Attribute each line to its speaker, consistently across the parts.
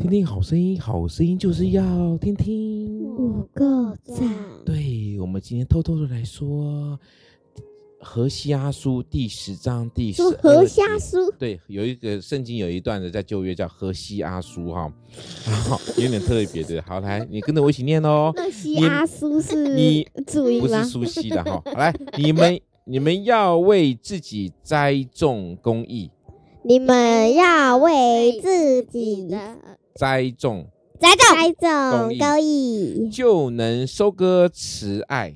Speaker 1: 聽聽好聲音，好聲音就是要聽聽。五個贊。對，我們今天偷偷的來說，《何西阿書》第十章第十。何西阿書。對，有一個聖經有一段的在舊約叫《何西阿書》哈，然後有點特別的。好，來，你跟着我一起念哦。何西阿書是，你注意了，不是蘇西的哈。來，你們你們要為自己栽種公義。你們要為自己的栽種、栽種、栽種公義，就能收割慈愛，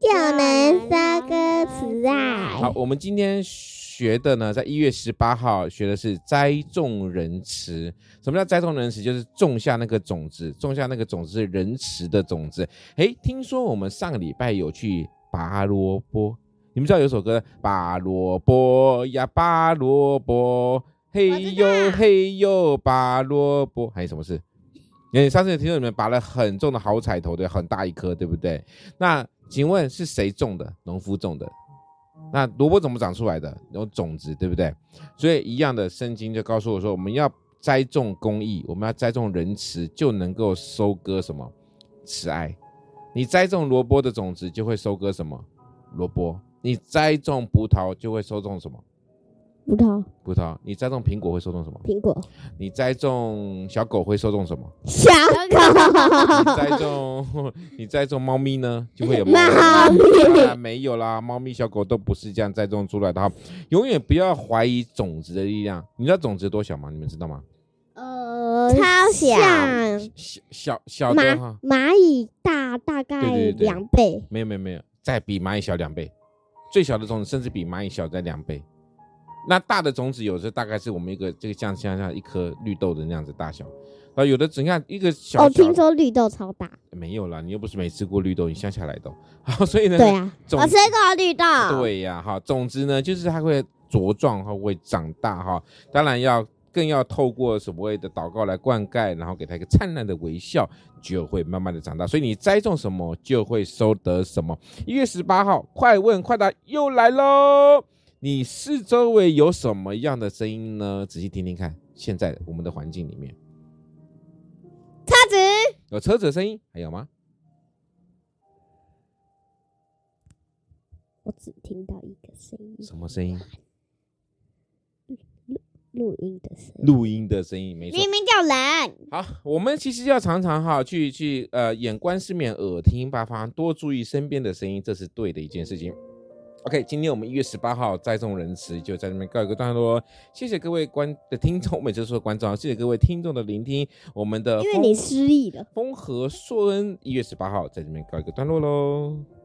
Speaker 1: 就能收割慈愛。好，我們今天學的呢，在一月十八號學的是栽種仁慈。什麼叫栽種仁慈？就是種下那個種子，種下那個種子仁慈的種子。誒、欸，聽說我們上個禮拜有去拔蘿蔔。你們知道有一首歌嗎？拔蘿蔔呀，蘿蔔，啊蘿蔔哎，拔蘿蔔，嘿喲嘿喲拔蘿蔔。還有什麼事？哎，上次也聽說你們拔了很重的好彩頭。對，很大一顆，對不對？那請問是誰種的？農夫種的。那蘿蔔怎麼長出來的？有種子，對不對？所以一樣的聖經就告訴我說我，我們要栽種公義，我們要栽種仁慈，就能夠收割什麼？慈愛。你栽種蘿蔔的種子，就會收割什麼？蘿蔔。你栽種葡萄就會收種什麼？葡萄，葡萄。你栽種蘋果會收種什麼？蘋果。你栽種小狗會收種什麼？小狗。 你栽種 你栽種貓咪呢？就會有貓咪。貓咪。那沒有啦，貓咪、小狗都不是這樣栽種出來的。永遠不要懷疑種子的力量。你知道種子多小嗎？你們知道嗎？呃，超小像小，小小小的。螞蟻大大概兩倍。沒有沒有沒有，再比螞蟻小兩倍。最小的種子甚至比螞蟻小在兩倍。那大的種子有時候大概是我們一個這個像像像一顆綠豆的那樣子大小，啊，有的怎樣一個小，小、哦？我聽說綠豆超大，沒有啦，你又不是沒吃過綠豆，你鄉下來的、哦， 所以呢，對呀、啊，我吃過綠豆，對呀，哈，種子呢，就是它會茁壯，會會長大，哈，當然要。更要透過所謂的禱告來灌溉，然後給他一個燦爛的微笑，就會慢慢的長大。所以你栽種什麼，就會收得什麼。一月十八號，快問快答又來嘍！你四周圍有什麼樣的聲音呢？仔細聽聽看，現在我們的環境裡面，車子。有車子的聲音，還有嗎？我只聽到一個聲音，什麼聲音？錄音的聲
Speaker 2: 音，錄音的聲音沒錯。明明叫人。
Speaker 1: 好，我們其實要常常哈，去去呃，眼觀四面，耳聽八方，多注意身邊的聲音，這是對的一件事情。OK，今天我們一月十八號栽種仁慈，就在這邊告一個段落，謝謝各位觀的聽眾，我們就說觀眾，謝謝各位聽眾的聆聽，我們的因為你失憶了，豐禾碩恩一月十八號在這邊告一個段落嘍。